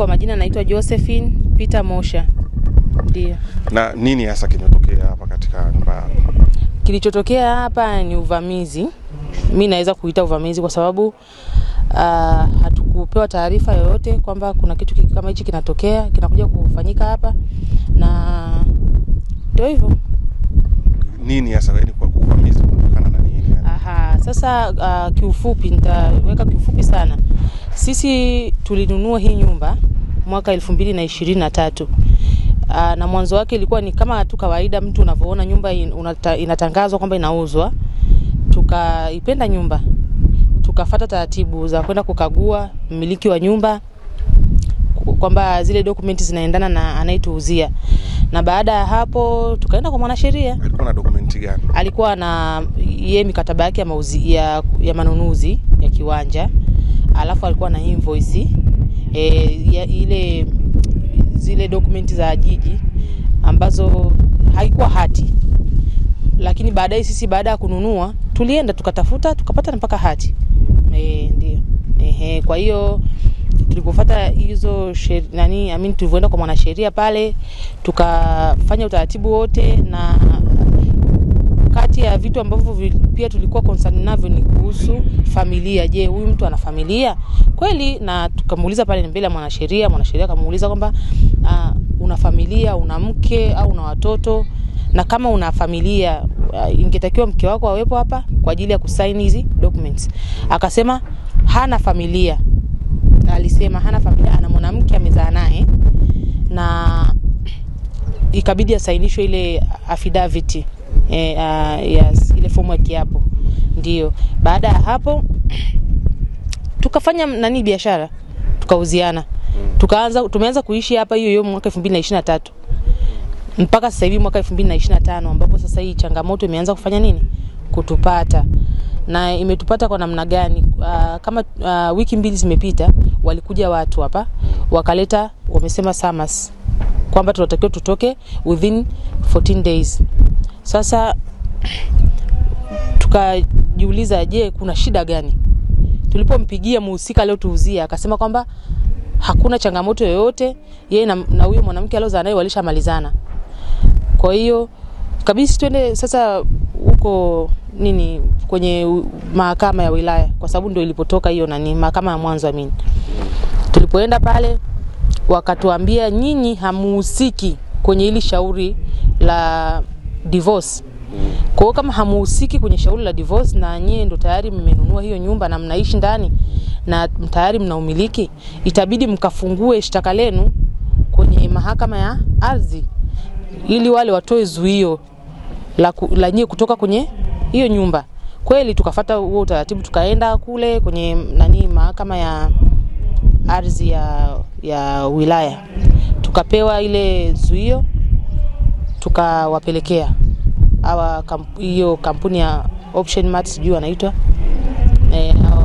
kwa majina naitwa Josephine Peter Mosha. Ndio. Na nini hasa kimetokea hapa katika nyumba yako? Kilichotokea hapa ni uvamizi, mi naweza kuita uvamizi kwa sababu uh, hatukupewa taarifa yoyote kwamba kuna kitu kama hichi kinatokea kinakuja kufanyika hapa, na ndio hivyo. Nini hasa yaani sasa uh, kiufupi nitaweka kiufupi sana. Sisi tulinunua hii nyumba mwaka elfu mbili na ishirini na tatu uh, na mwanzo wake ilikuwa ni kama tu kawaida mtu unavyoona nyumba in, unata, inatangazwa kwamba inauzwa. Tukaipenda nyumba tukafata taratibu za kwenda kukagua mmiliki wa nyumba kwamba zile dokumenti zinaendana na anayetuuzia, na baada ya hapo tukaenda kwa mwanasheria. Alikuwa na dokumenti gani? alikuwa na yeye mikataba yake ya, mauzi, ya, ya manunuzi ya kiwanja, alafu alikuwa na invoice e, ya, ile zile dokumenti za jiji ambazo haikuwa hati, lakini baadaye sisi baada ya kununua tulienda tukatafuta tukapata mpaka hati e, ndio ehe. Kwa hiyo tulipofuata hizo nani, amini tulivyoenda kwa mwanasheria pale tukafanya utaratibu wote na kati ya vitu ambavyo pia tulikuwa concern navyo ni kuhusu familia. Je, huyu mtu ana familia kweli? Na tukamuuliza pale mbele ya mwanasheria, mwanasheria akamuuliza kwamba uh, una familia, una mke au una watoto? Na kama una familia uh, ingetakiwa mke wako awepo hapa kwa ajili ya kusaini hizi documents. Akasema hana familia, na alisema hana familia, ana mwanamke amezaa naye na ikabidi asainishwe ile affidavit eh, uh, yes, ile ya kiapo Ndio baada ya hapo tukafanya nani biashara, tukauziana, tukaanza tumeanza kuishi hapa hiyo hiyo mwaka 2023 mpaka sasa hivi mwaka 2025 ambapo sasa hii changamoto imeanza kufanya nini kutupata na imetupata kwa namna gani? Uh, kama uh, wiki mbili zimepita, walikuja watu hapa wakaleta, wamesema SAMAS kwamba tunatakiwa tutoke within 14 days. Sasa tukajiuliza, je, kuna shida gani? Tulipompigia muhusika leo akasema kwamba hakuna changamoto yoyote, yeye na huyo mwanamke aliozaa naye walishamalizana. Kwa hiyo kabisa twende sasa huko nini kwenye mahakama ya wilaya, kwa sababu ndio ilipotoka hiyo nani, mahakama ya mwanzo amini. Tulipoenda pale, wakatuambia nyinyi hamuhusiki kwenye hili shauri la divorce. Kwa hiyo kama hamuhusiki kwenye shauri la divorce na nyie ndo tayari mmenunua hiyo nyumba na mnaishi ndani na tayari mnaumiliki, itabidi mkafungue shtaka lenu kwenye mahakama ya ardhi ili wale watoe zuio la, la nyie kutoka kwenye hiyo nyumba. Kweli tukafata huo utaratibu, tukaenda kule kwenye nani mahakama ya ardhi ya, ya wilaya tukapewa ile zuio tukawapelekea hawa hiyo kamp, kampuni ya Option Mart sijui wanaitwa e,